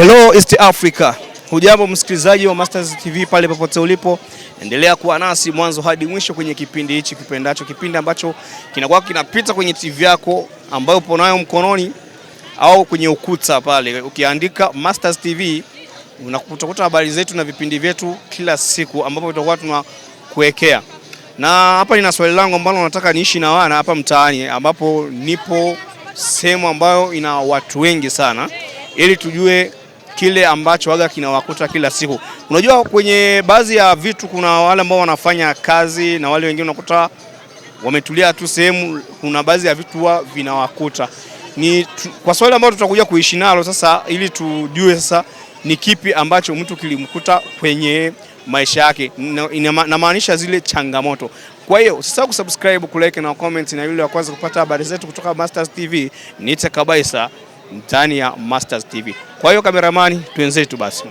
Hello East Africa. Hujambo msikilizaji wa Masters TV pale popote ulipo, endelea kuwa nasi mwanzo hadi mwisho kwenye kipindi hichi kipendacho, kipindi ambacho kinakuwa kinapita kwenye TV yako ambayo upo nayo mkononi au kwenye ukuta pale. Ukiandika Masters TV unakuta habari zetu na vipindi vyetu kila siku, ambapo tutakuwa tunakuwekea. Na hapa nina swali langu ambalo nataka niishi na wana hapa mtaani, ambapo nipo sehemu ambayo ina watu wengi sana, ili tujue kile ambacho waga kinawakuta kila siku. Unajua, kwenye baadhi ya vitu kuna wale ambao wanafanya kazi na wale wengine unakuta wametulia tu sehemu, kuna baadhi ya vitu wa vinawakuta ni tu, kwa swali ambalo tutakuja kuishi nalo sasa, ili tujue sasa ni kipi ambacho mtu kilimkuta kwenye maisha yake, namaanisha na zile changamoto. Kwa hiyo sasa kusubscribe, kulike na comment, na yule wa kwanza kupata habari zetu kutoka Mastaz TV. ni Tekabaisa ndani ya Masters TV. Kwa hiyo kameramani, tuenze tu basi.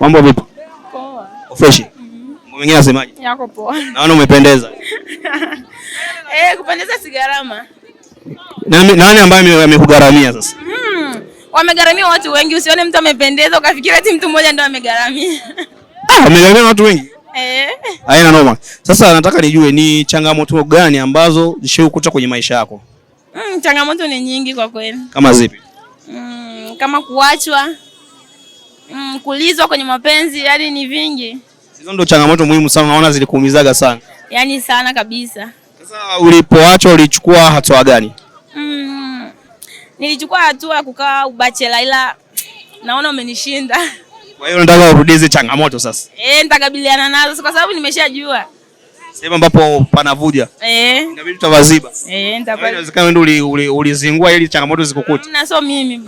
Mambo vipi? Poa. Mm-hmm. Mambo mengine nasemaje? Yako poa. Naona umependeza. Eh, kupendeza si gharama. Nani nani ambaye amekugharamia sasa? Mm. Wamegharamia watu wengi, usione mtu amependeza ukafikiri ati mtu mmoja ndio amegharamia. Ah, wamegharamia watu wengi. Eh. Haina noma. Sasa nataka nijue ni changamoto gani ambazo zishaukuta kwenye maisha yako? Mm, changamoto ni nyingi kwa kweli. Kama zipi? Mm, kama kuachwa, mm, kulizwa kwenye mapenzi, yani ni vingi. Hizo ndio changamoto muhimu sana, naona zilikuumizaga sana, yaani sana kabisa. Sasa ulipoachwa ulichukua hatua gani? Mm, nilichukua hatua ya kukaa ubachela, ila naona umenishinda. Kwa hiyo nataka urudize changamoto sasa. Eh, nitakabiliana nazo kwa sababu nimeshajua sehemu ambapo panavuja eh, inabidi tutawaziba eh, ndio. Inawezekana wewe ndio ulizingua ili changamoto zikukute. Na sio mimi.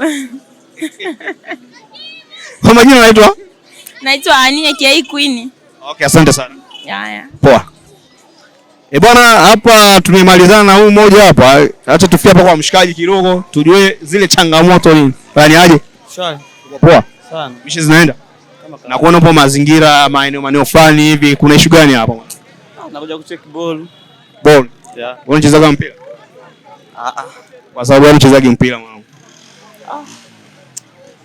Kwa majina naitwa naitwa Ania Kiai Queen. Okay, asante sana. Haya. Poa. E bwana hapa tumemalizana na huu mmoja hapa. Acha tufie hapa kwa mshikaji kidogo tujue zile changamoto ni Yaani aje? Shwari. Poa. Sana. Mishi zinaenda? na kuona hapo mazingira maeneo maeneo fulani hivi kuna ishu gani hapa? Nakuja kucheck ball. Ball. Yeah. Unachezaga mpira? Ah ah. Kwa sababu wewe unachezaga mpira mwanangu. Ah.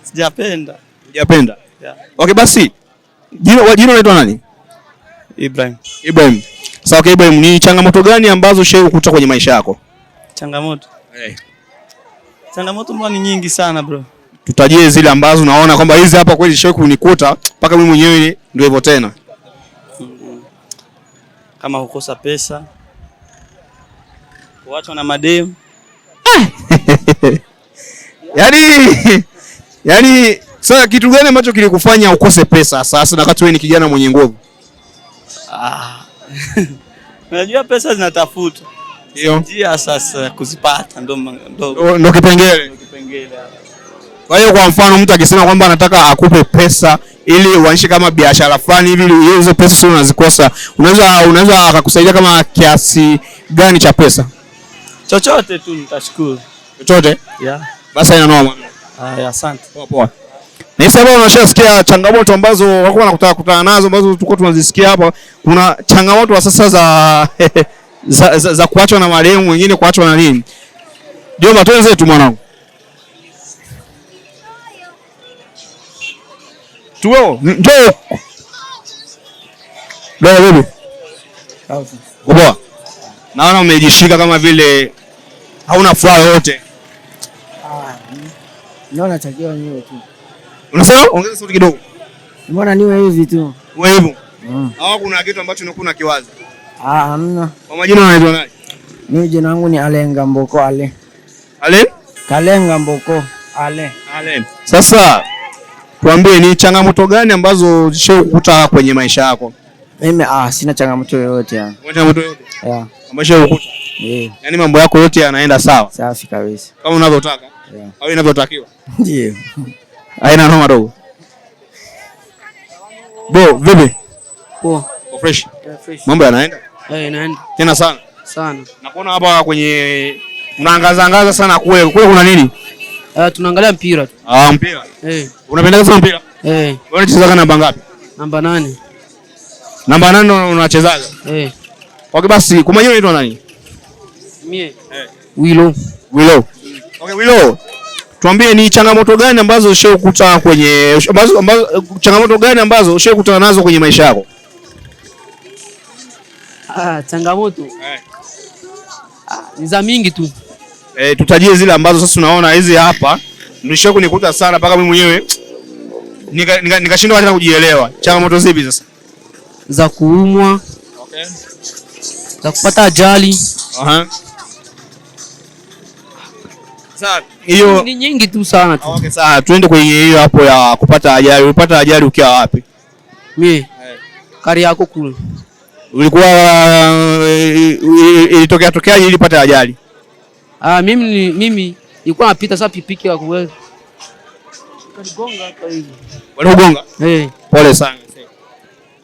Sijapenda. Sijapenda. Yeah. Okay basi. Jina jina unaitwa nani? Ibrahim. Ibrahim. Sawa, okay Ibrahim, ni changamoto gani ambazo ushawahi kukuta kwenye maisha yako? Changamoto. Hey. Eh. Changamoto mbona ni nyingi sana bro. Tutajie zile ambazo unaona kwamba hizi hapa kweli shawahi kunikuta mpaka mimi mwenyewe ndio hivyo tena kama hukosa pesa, kuachwa na mademu yani, yani sasa so, kitu gani ambacho kilikufanya ukose pesa sasa, na wakati wewe ni kijana mwenye nguvu? Ah, unajua pesa zinatafutwa, njia sasa kuzipata ndo ndo kipengele. Kwa hiyo, kwa mfano mtu akisema kwamba anataka akupe pesa ili uanishe kama biashara fulani hivi, ili hizo pesa sio unazikosa. Unaweza unaweza akakusaidia kama kiasi gani cha pesa? Chochote tu nitashukuru. Chochote? Yeah. Basi ina noma. Ah, asante. Poa poa. Na hisa bwana, unashasikia changamoto ambazo wako wanakutana kutana nazo ambazo tulikuwa tunazisikia hapa. Kuna changamoto sasa za za, za, za kuachwa na marehemu wengine kuachwa na nini? Ndio mapenzi yetu mwanangu. Tuo, njoo. Bwana bibi. Bwana. Naona umejishika kama vile hauna furaha yoyote. Ah. Naona takiwa niwe tu. Unasema ongeza sauti kidogo. Mbona niwe hivi tu? Wewe hivyo. Mm. Au kuna kitu ambacho unakuwa unakiwaza? Ah, hamna. Kwa majina unaitwa nani? Mimi jina langu ni Alenga Mboko Ale. Ale? Kalenga Mboko Ale. Ale. Sasa tuambie ni changamoto gani ambazo zishakukuta kwenye maisha yako? Mimi ah, sina changamoto yoyote yani. Changamoto yoyote? Yeah. Ambayo ukuta? Yeah. Yaani mambo yako yote yanaenda sawa. Safi kabisa. Kama unavyotaka? Yeah. Au inavyotakiwa? Ndio. Haina noma dogo. Bo, vipi? Poa. Fresh. fresh. Mambo yanaenda? Eh, yanaenda. Tena sana. Sana. Nakuona hapa kwenye mnaangaza angaza sana kule. Kule kuna nini? Uh, tunaangalia mpira tu. Ah, mpira. Eh. Unapenda sana mpira? Eh. Wewe unacheza namba ngapi? Namba nane. Namba nane unachezaga? Eh. Okay, basi kwa majina unaitwa nani? Mie. Eh. Wilo. Wilo. Okay, Wilo. Tuambie ni changamoto gani ambazo ushakukuta kwenye ambazo, ambazo changamoto gani ambazo ushakutana nazo kwenye maisha yako? Ah, changamoto. Eh. Ah, ni za mingi tu. Eh eh, tutajie zile ambazo sasa tunaona hizi hapa mlisha kunikuta sana mpaka mimi mwenyewe nikashindwa nika, nika hata kujielewa. Changamoto zipi sasa za kuumwa? Okay. Za kupata ajali. Aha. hiyo ni nyingi tu sana tu. Okay, sawa. Tuende kwenye hiyo hapo ya kupata ajali. Ulipata ajali ukiwa wapi? Mimi. Hey. Eh. Kari yako kule. Ulikuwa eh, eh, ilitokea ili ilipata ajali? Ah, mimi mimi nilikuwa napita sasa pipiki ya kuweza. Kanigonga hata hivi. Waliogonga? Eh. Pole sana.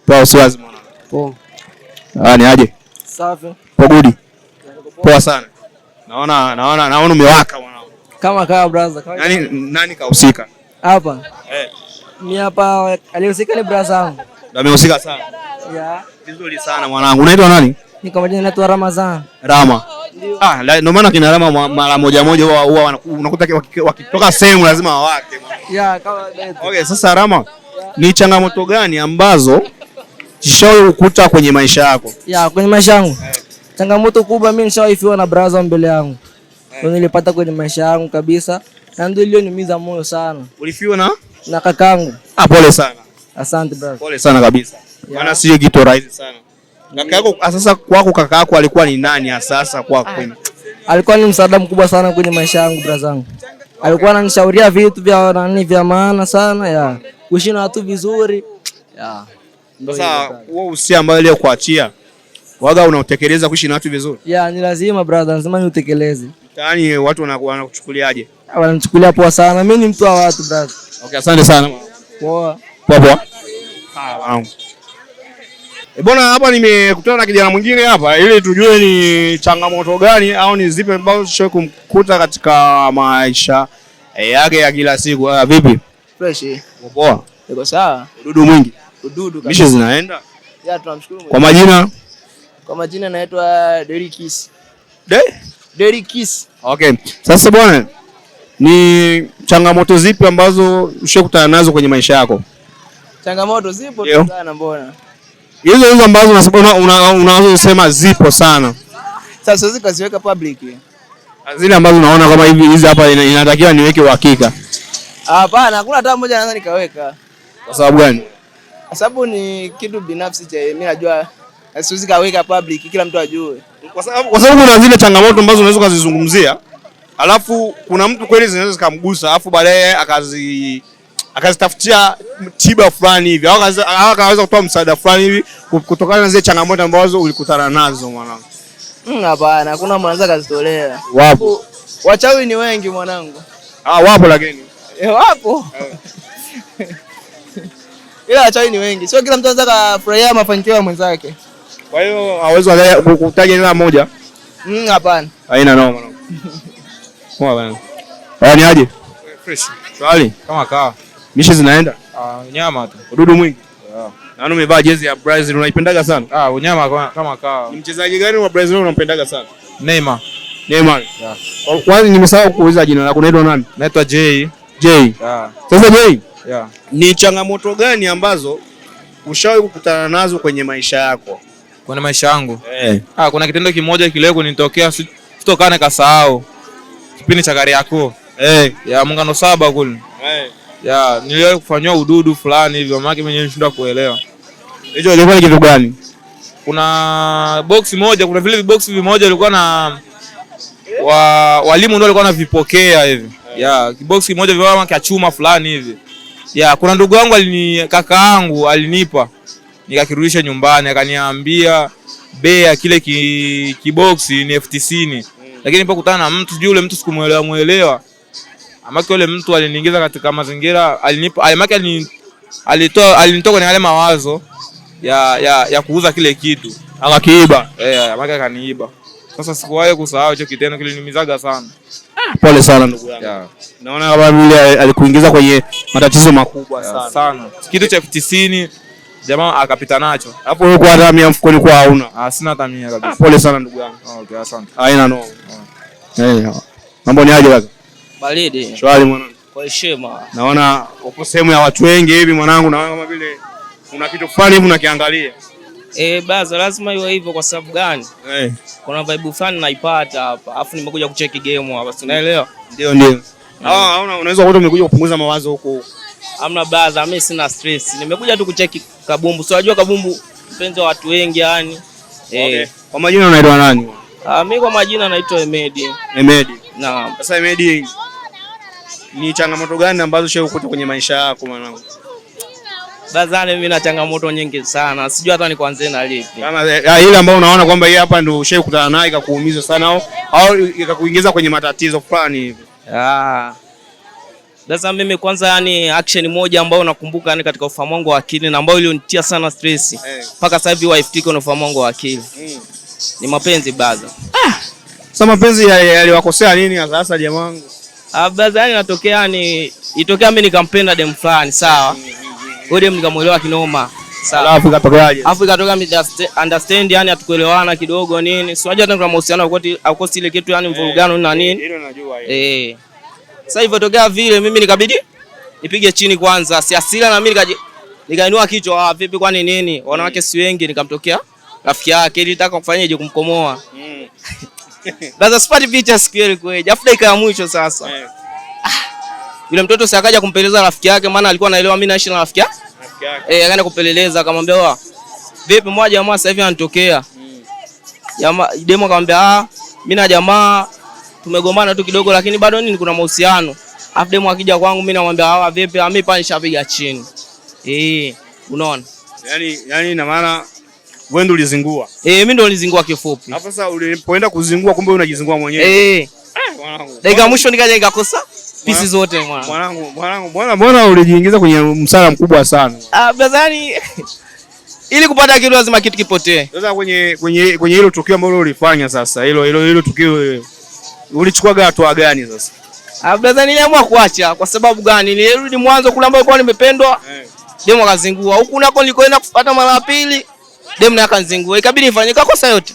Poa siwazi mwana. Poa. Ah, ni aje? Safi. Poa gudi. Poa sana. Naona naona naona umewaka mwanangu. Kama kawa brother. Kama nani nani kahusika? Hapa. Eh. Ni hapa alihusika ni brother wangu. Ndio amehusika sana. Yeah. Vizuri sana mwanangu. Unaitwa nani? Ni kwa majina naitwa Ramazan. Rama. Ah, ndio maana kina Rama mara moja moja huwa unakuta wakitoka sehemu lazima wawake. Yeah, kama okay, sasa Rama Ni changamoto gani ambazo zishawahi ukuta kwenye maisha yako? Yeah, kwenye maisha yangu yeah. Changamoto kubwa mimi nishawahi fiwa na brother mbele yangu yeah. nilipata kwenye maisha yangu kabisa na ndio iliyoniumiza moyo sana. Ulifiwa na na kakangu. Ah, pole sana. Asante brother. Pole sana kabisa. Yeah. Maana sio kitu rahisi sana. Kaka yako ah, sasa kwako, kaka yako alikuwa ni nani ah, sasa kwako? Ah, alikuwa ni msaada mkubwa sana kwenye maisha yangu, bra zangu. Alikuwa ananishauria vitu vya nani vya maana sana ya kuishi na watu vizuri. Sasa huo usia ambao kuachia waga, unautekeleza kuishi na watu vizuri? Ya, ni lazima brother, lazima utekeleze. Mtaani watu wanakuchukuliaje? wanachukulia poa sana. Mimi ni mtu wa watu brother. Okay, asante sana. Poa. Poa poa. Ah, wow. E, eh, bwana hapa nimekutana na kijana mwingine hapa ili tujue ni changamoto gani au ni zipi ambazo sio kumkuta katika maisha e, yake ya kila siku. Haya, ah, vipi? Fresh. Eh. Poa. Niko sawa. Ududu mwingi. Ududu kabisa. Mishi zinaenda? Ya, tunamshukuru Mungu. Kwa majina? Kwa majina naitwa Derikis. De? Derikis. Okay. Sasa bwana, ni changamoto zipi ambazo ushakutana nazo kwenye maisha yako? Changamoto zipo tu sana mbona hizo hizo ambazo unasema unazosema zipo sana. Sasa siwezi kuziweka public. Ah, zile ambazo unaona kama hivi hizi hapa inatakiwa niweke uhakika. Hapana, hakuna hata moja naweza nikaweka. Kwa sababu gani? Kwa sababu ni kitu binafsi cha mimi najua siwezi kaweka public kila mtu ajue. Kwa sababu kwa sababu kuna zile changamoto ambazo unaweza kuzizungumzia. Alafu kuna mtu kweli zinaweza zikamgusa, alafu baadaye akazi akazitafutia tiba fulani hivi au akaweza kutoa msaada fulani hivi kutokana na zile changamoto ambazo ulikutana nazo mwanangu? Mm, hapana, hakuna mwanangu kazitolea. Wapo wachawi ni wengi mwanangu. Ah, wapo lakini e, wapo eh. ila wachawi ni wengi, sio kila mtu anaweza kufurahia mafanikio ya mwenzake. Kwa hiyo hawezi kutaja nila moja. Mm, hapana, haina noma mwanangu. Poa bana. Ni aje? Fresh. Swali kama kawa Mishi zinaenda? Ah, unyama tu. Ududu mwingi. Yeah. Na wewe umevaa jezi ya Brazil unaipendaga sana? Ah, unyama kama kawa. Ni mchezaji gani wa Brazil unampendaga sana? Neymar. Neymar. Yeah. Kwanza nimesahau kuuliza jina lako, unaitwa nani? Naitwa J. J. Yeah. Sasa J. Yeah. Ni changamoto gani ambazo ushawahi kukutana nazo kwenye maisha yako? Kwenye maisha yangu? Eh. Hey. Ah, kuna kitendo kimoja kile kunitokea sitokana kasahau. Kipindi cha gari yako. Eh. Hey. Ya muungano saba kule. Eh. Hey ya niliwahi kufanywa ududu fulani hivyo, maana yake mimi nilishindwa kuelewa. Hicho ilikuwa ni kitu gani? Kuna box moja, kuna vile box vimoja ilikuwa na wa, walimu ndio walikuwa wanavipokea hivi. ya kibox kimoja vile kama chuma fulani hivi. ya. kuna ndugu yangu alini kaka yangu alinipa. Nikakirudisha nyumbani akaniambia bei ya kile kiboksi ni elfu tisini. Lakini nilipokutana na mtu sijui yule mtu sikumuelewa muelewa amaki yule mtu aliniingiza katika mazingira alinipa, alimaki alinitoa alinitoa kwenye yale mawazo ya, ya, ya kuuza kile kitu akakiiba. Eh, amaki akaniiba. Sasa sikuwahi kusahau hicho kitendo, kiliniumizaga sana. Ah, Pole sana ndugu yangu. Yeah. Naona kama vile alikuingiza kwenye matatizo makubwa yeah, sana. Sana. Kitu cha elfu tisini jamaa akapita nacho. Hapo wewe kwa hata mia mfukoni kwa hauna. Ah, sina hata kabisa. Ah, Pole sana ndugu yangu. Ah, okay, asante. Haina no. Ah. Eh. Mambo ni aje basi? Baridi. Shwari mwanangu. Kwa heshima. Naona upo sehemu ya watu wengi hivi mwanangu, na kama vile kuna kitu fulani hivi unakiangalia. Eh, baza lazima iwe hivyo kwa sababu gani? Eh. Kuna vibe fulani naipata hapa. Alafu nimekuja kucheki game hapa. Unaelewa? Ndio ndio. Mm. Ah, unaweza kukuta umekuja kupunguza mawazo huko. Hamna baza, mimi sina stress. Nimekuja tu kucheki kabumbu. Si unajua kabumbu mpenzi wa watu wengi yani. Eh. Okay. Kwa majina unaitwa nani? Ah, mimi kwa majina naitwa Emedi. Emedi. Naam. Sasa Emedi ni changamoto gani ambazo shehe ukuta kwenye maisha yako mwanangu? Bazani, mimi na changamoto nyingi sana, sijui hata nikuanzie na lipi. Kama ile ambayo unaona kwamba hii hapa ndio shehe ukutana naye ikakuumiza sana au au ikakuingiza kwenye matatizo fulani hivi. Ah. Sasa mimi kwanza, yani action moja ambayo nakumbuka yani katika ufahamu wangu wa akili na ambayo ilionitia sana stress eh. mpaka hey, sasa hivi waiftiki na ufahamu wangu wa akili hmm, ni mapenzi baza. Ah. Sasa mapenzi yaliwakosea ya nini sasa jamaa wangu? Baza yani natokea ni itokea mimi nikampenda dem fulani sawa. Huyo dem nikamuelewa kinoma. Sawa. Alafu ikatokeaje? Alafu ikatoka mimi understand yani hatukuelewana kidogo nini. Si unajua tena mahusiano kwa kweli au kosi ile kitu yani eh, mvurugano na eh, nini? Hilo najua hiyo. Eh. Sasa hivyo tokea vile mimi nikabidi nipige chini kwanza, si asira na mimi nikainua kichwa, ah, vipi kwani nini? Wanawake si wengi nikamtokea rafiki yake ili nitaka kufanyaje kumkomoa. Mm. Baza sipati picha siku ile kweli. Afu dakika mwisho sasa. Eh. Ah, yule mtoto si akaja kumpeleleza rafiki yake maana alikuwa anaelewa mimi naishi na rafiki yake. Rafiki yake. Eh, akaenda kupeleleza akamwambia wa vipi mwa jamaa sasa hivi anatokea. Hmm. Jamaa demo akamwambia ah, mimi na jamaa tumegombana tu kidogo lakini bado nini kuna mahusiano. Afu demo akija kwangu mimi namwambia hawa vipi, ah, mimi pale nishapiga chini. Eh, unaona? Yaani, yaani ina maana wewe ndio ulizingua. Eh, mimi ndio nilizingua kifupi. Hapo sasa ulipoenda kuzingua kumbe unajizingua mwenyewe. Eh. eh mwanangu. Dakika mwisho nikaja nikakosa pisi zote mwanangu. Mwanangu, mwanangu, mbona mbona ulijiingiza kwenye msala mkubwa sana? Ah, nadhani ili kupata kitu lazima kitu kipotee. Sasa kwenye kwenye kwenye hilo tukio ambalo ulifanya sasa, hilo hilo hilo tukio eh, ulichukua hatua gani sasa? Ah, nadhani niliamua kuacha kwa sababu gani? Nilirudi mwanzo kule ambapo nilikuwa nimependwa. Eh. Demo kazingua. Huku nako nilikwenda kupata mara ya pili demu naye akanizingua, ikabidi nifanye kosa yote.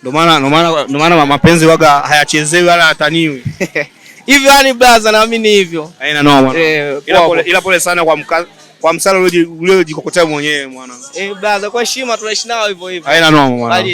Ndio maana ndio maana ndio maana mapenzi waga hayachezewi wala hataniwi hivyo, yani brother, naamini hivyo. Haina noma, mwana. Eh, ila pole ila pole sana kwa mka, kwa msala uliojikokotea mwenyewe mwana. Eh, brother, kwa heshima tunaishi nao hivyo hivyo. Haina noma mwana.